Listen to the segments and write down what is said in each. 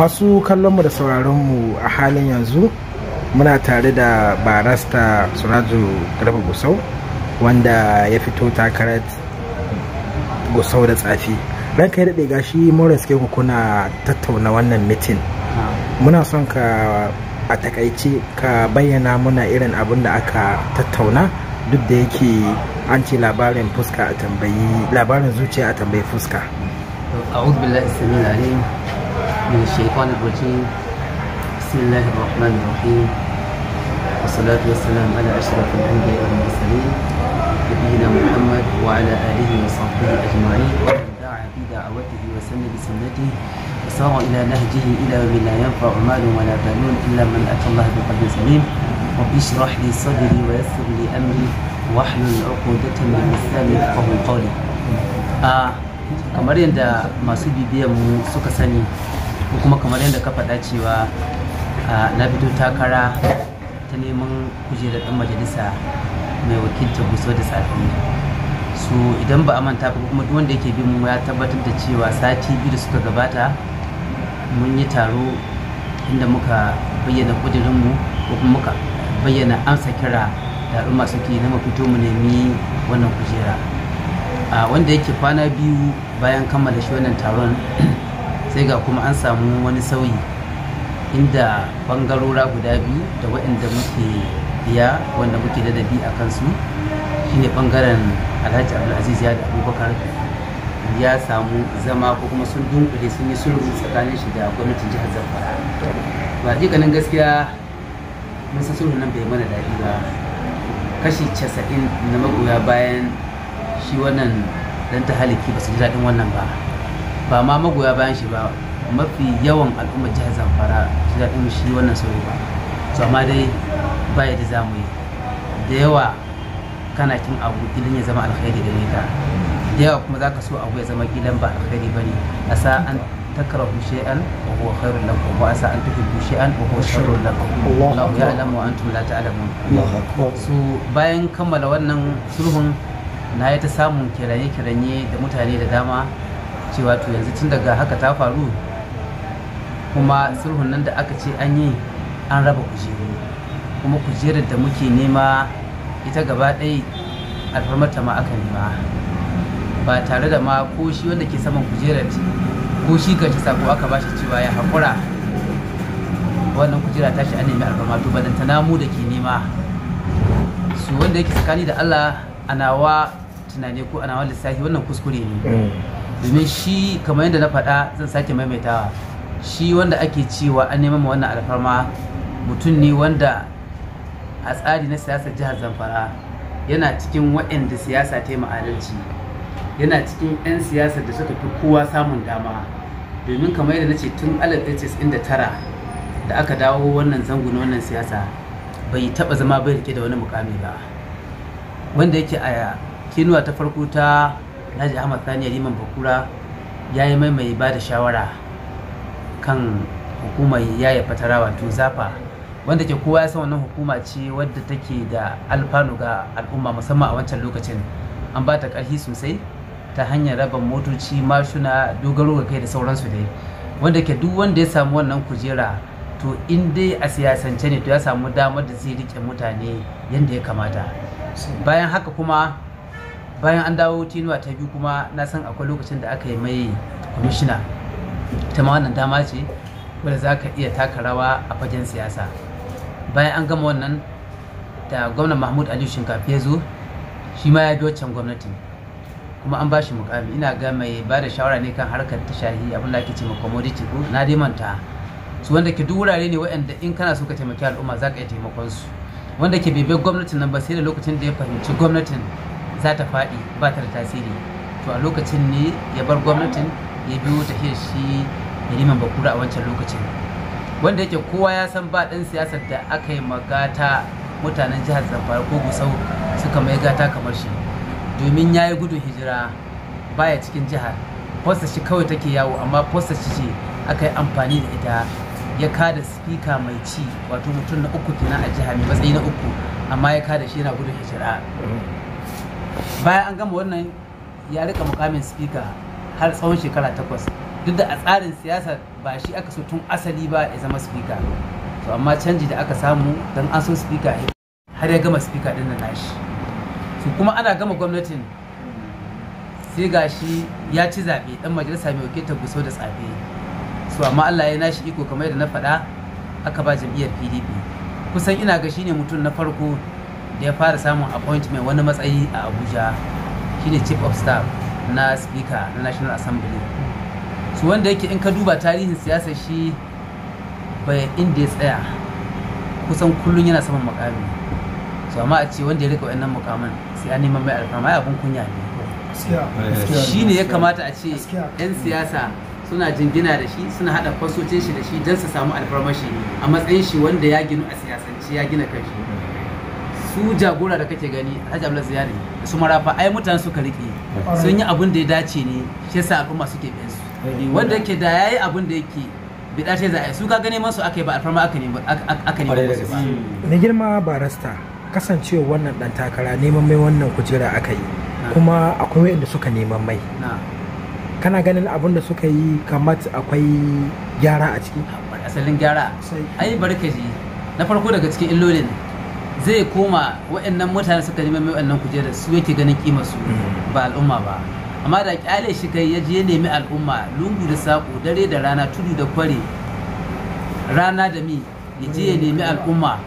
masu mu da sauraron mu a halin yanzu muna tare da barasta suraju garba gusau wanda ya fito takarar gusau da tsafi ranka ya daɗe gashi mun suke kuna tattauna wannan mitin muna son ka a takaice ka bayyana muna irin abin da aka tattauna duk da yake an ce labarin fuska a tambayi labarin zuciya a tambayi fuska من الشيطان الرجيم بسم الله الرحمن الرحيم والصلاة والسلام على أشرف الأنبياء والمرسلين نبينا محمد وعلى آله وصحبه أجمعين ومن دعا بدعوته وسن بسنته وسار إلى نهجه إلى من لا ينفع مال ولا بنون إلا من أتى الله بقلب سليم رب اشرح لي صدري ويسر لي أمري واحلل عقودة من لساني يفقهوا قولي آه kamar yadda masu bibiyan mu suka sani ko kuma kamar yadda ka faɗa cewa na fito takara ta neman kujerar ɗan majalisa mai wakilta guso da safi su idan ba a manta ba kuma duk wanda yake bi mu ya tabbatar da cewa sati biyu da suka gabata mun yi taro inda muka bayyana kudirinmu ko kuma muka bayyana amsa kira da al'umma suke na mafito mu nemi wannan kujera wanda yake kwana biyu bayan kammala shi wannan taron sai ga kuma an samu wani sauyi inda bangarora guda biyu da waɗanda muke biya wanda muke da dabi a kansu shine bangaren alhaji abdulaziz ya da abubakar ya samu zama ko kuma sun dunkule sun yi sulhu tsakanin shi da gwamnatin jihar zamfara ba ganin gaskiya mun san sulhu nan bai mana daɗi ba kashi casa'in na magoya bayan shi wannan dan ta haliki ba su ji daɗin wannan ba ba ma magoya bayan shi ba mafi yawan al'ummar jihar zamfara shi ɗin shi wannan sauyi ba su amma dai ba yadda za mu yi da yawa kana kin abu ilin ya zama alkhairi gare ka da yawa kuma za ka so abu ya zama ilin ba alkhairi ba ne a sa an takara shay'an wa huwa khairun lakum wa asa an tuhibbu shay'an wa huwa sharrun lakum Allahu ya'lamu wa antum la ta'lamun so bayan kammala wannan sulhun na yi ta samun kiranye-kiranye da mutane da dama cewa to yanzu tun daga haka ta faru kuma sulhun nan da aka ce an yi an raba kujeru kuma kujerar da muke nema ita gaba ɗaya alfarmata ma aka nema ba tare da ma ko shi wanda ke saman kujerar ko shi kanshi sako aka ba shi cewa ya haƙura wannan kujera ta shi an nemi alfarma to balantana namu da ke nema su wanda yake tsakani da allah anawa tunani ko anawa lissafi wannan kuskure ne mm. domin shi kamar yadda na faɗa zan sake maimaitawa shi wanda ake cewa an nema wannan alfarma mutum ne wanda a tsari na siyasar jihar zamfara yana cikin waɗanda siyasa ta yi ma'adalci yana cikin 'yan siyasar da suka fi kowa samun dama domin kamar yadda na ce tun 1999 da aka dawo wannan zango na wannan siyasa bai taɓa zama bai rike da wani mukami ba wanda yake a kinuwa ta farko ta alhaji ahmad sani liman bakura ya yi mai mai ba da shawara kan hukumar yaya fatara wato zafa wanda ke kowa ya san wannan hukuma ce wadda take da alfanu ga al'umma musamman a wancan lokacin an ba ta ƙarfi sosai ta hanyar raba motoci mashuna dogaro ga kai da sauransu dai wanda ke duk wanda ya samu wannan kujera to in dai a siyasance ne to ya samu damar da zai rike mutane yadda ya kamata bayan haka kuma bayan an dawo tinuwa ta biyu kuma na san akwai lokacin da aka yi mai kwamishina ta ma wannan dama ce wadda za ka iya taka rawa a fagen siyasa bayan an gama wannan da gwamnan mahmud ali shinkafi ya zo shi ma ya bi waccan gwamnati kuma an ba shi mukami ina ga mai ba da shawara ne kan harkar ta shahi abin da ake ce commodity ko na dai manta su wanda ke duk ne waɗanda in kana so ka taimaki al'umma za ka iya taimakon su wanda ke bebe gwamnatin nan ba sai da lokacin da ya fahimci gwamnatin za ta faɗi ba ta da tasiri to a lokacin ne ya bar gwamnatin ya biyo ta shi liman bakura a wancan lokacin wanda yake kowa ya san ba ɗan siyasar da aka yi magata mutanen jihar zamfara ko gusau suka mai gata kamar shi domin ya yi gudun hijira baya cikin jihar fosta shi kawai take yawo amma fosta shi ce aka yi amfani da ita ya kada spika mai ci wato mutum na uku kenan a jihar mai matsayi na uku amma ya kada shi yana gudun hijira bayan an gama wannan ya rika mukamin speaker har tsawon shekara takwas duk da a tsarin siyasa ba shi aka so tun asali ba ya zama speaker to amma canji da aka samu don an so speaker har ya gama speaker din na nashi su kuma ana gama gwamnatin sai gashi ya ci zaɓe dan majalisa mai ta guso da tsafe su amma Allah ya nashi iko kamar yadda na faɗa aka ba jam'iyyar PDP kusan ina ga shine mutum na farko da ya fara samun appointment wani matsayi a abuja shine chief of staff na speaker na national assembly su wanda yake in ka duba tarihin siyasar shi bai inda ya tsaya kusan kullum yana saman mukami su amma a ce wanda ya rika wannan mukamin sai an neman mai alfama ya abin kunya ne eh, shi ne ya kamata a ce 'yan siyasa suna jingina da shi suna hada kwasocin shi da shi don su samu alfarmashi a matsayin shi wanda ya ginu a siyasance ya gina kanshi su jagora da kake gani Hajji Abdullahi Ziyari su marafa ai mutane suka rike sun yi abin da ya dace ne shi yasa al'umma suke bin su wanda yake da yayi abin da yake bida ce za su ka gane masu aka yi ba alfarma aka nemi aka nemi ne mm. girma barasta kasancewa wannan dan takara neman mai wannan kujera aka yi kuma akwai wanda suka neman mai kana ganin abin da suka yi kamar akwai gyara a ciki asalin gyara ai barkaji na farko daga cikin illolin zai koma waɗannan mutane suka nemi mai waɗannan kujerar su yake ganin kimar su mm. ba al'umma ba amma da kyale shi kai ya je nemi al'umma lungu da saƙo dare da rana tudu da kware rana da mi ya je ya nemi al'umma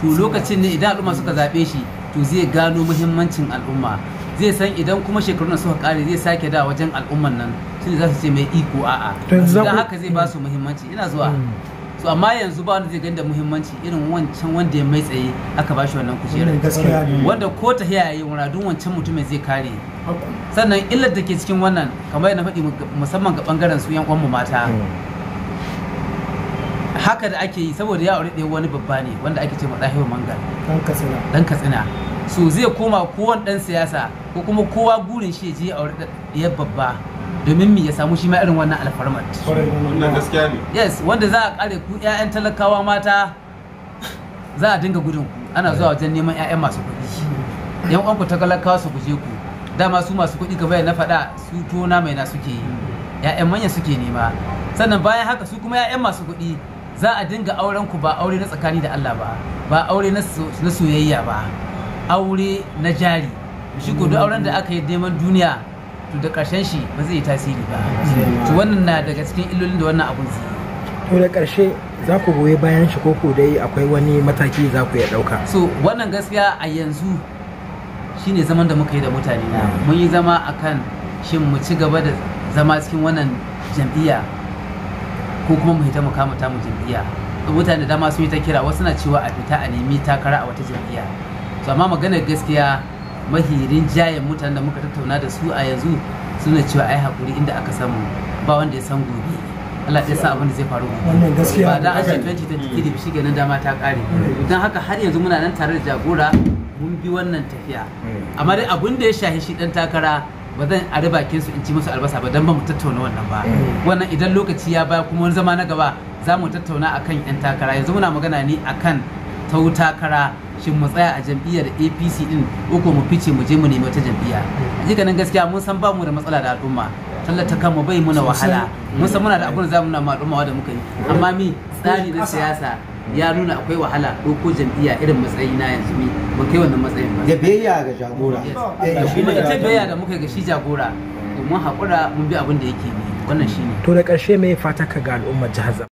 to lokacin ne idan al'umma suka zaɓe shi to zai gano muhimmancin al'umma zai san idan kuma shekarun suka kare zai sake da wajen al'umman nan shi za su ce mai iko a'a don haka zai ba su muhimmanci ina zuwa mm. so amma yanzu ba wanda zai gani da muhimmanci irin wancan wanda ya mai tsaye aka bashi wannan kujerar wanda ko ta yayi muradun wancan mutumin zai kare sannan illar da ke cikin wannan kamar na faɗi musamman ga bangaren su yan mu mata hmm. haka da ake yi saboda ya aure wani babba ne wanda ake ce ma ɗahiwa mangal dan katsina so zai koma kowan dan siyasa ko kuma kowa burin shi ya je ya aure ɗaya babba domin mi ya samu shi ma irin wannan alfarmar wannan gaskiya ne yes wanda za a kare ku ƴaƴan talakawa mata za a dinga gudun ku ana zuwa wajen neman ƴaƴan masu kuɗi yan uwanku talakawa su guje ku dama su masu kuɗi kamar na faɗa su tona mai na suke yi ƴaƴan manya suke nema sannan bayan haka su kuma ƴaƴan masu kuɗi za a dinga auren ku ba aure na tsakani da Allah ba ba aure na soyayya ba aure na jari shi ko duk auren da aka yi neman duniya to da ƙarshen shi ba zai yi tasiri ba to wannan na daga cikin illolin da wannan abun zai to da ƙarshe za ku goyi bayan shi ko dai akwai wani mataki za ku ya ɗauka so wannan gaskiya a yanzu shine zaman da muka yi da mutane na mun yi zama akan shin mu ci gaba da zama cikin wannan jam'iyya ko kuma mu hita mu kama mu jam'iyya mutane da dama sun yi ta kira wasu na cewa a fita a nemi takara a wata jam'iyya to amma maganar gaskiya mahirin jayen mutanen da muka tattauna da su a yanzu suna cewa ai hakuri inda aka samu ba wanda ya san gobe Allah ya sa abin da zai faru gobe ba da an ce 2023 shi ganin dama ta kare hmm. don haka har yanzu muna nan tare da jagora mun bi wannan tafiya hmm. amma dai abin da ya shahi shi dan takara ba zan a bakin su in ci musu albasa ba dan ba mu tattauna wannan ba hmm. wannan idan lokaci ya ba kuma wani zama na gaba za mu tattauna akan yan takara yanzu muna magana ne akan tau takara shin mu tsaya a jam'iyyar apc din uku mu fice mu je mu nemi wata jam'iyya a nan gaskiya mun san bamu da matsala da al'umma tallata kanmu bai muna wahala mun san muna da abun da za mu na al'umma da muka yi amma mi tsari na siyasa ya nuna akwai wahala ko ko jam'iyya irin matsayi na yanzu ne mun kai wannan matsayin ba da ga jagora ta bayya da muka ga shi jagora mun haƙura mun bi abun da yake ne wannan shine to da ƙarshe me fata ka ga al'ummar jihar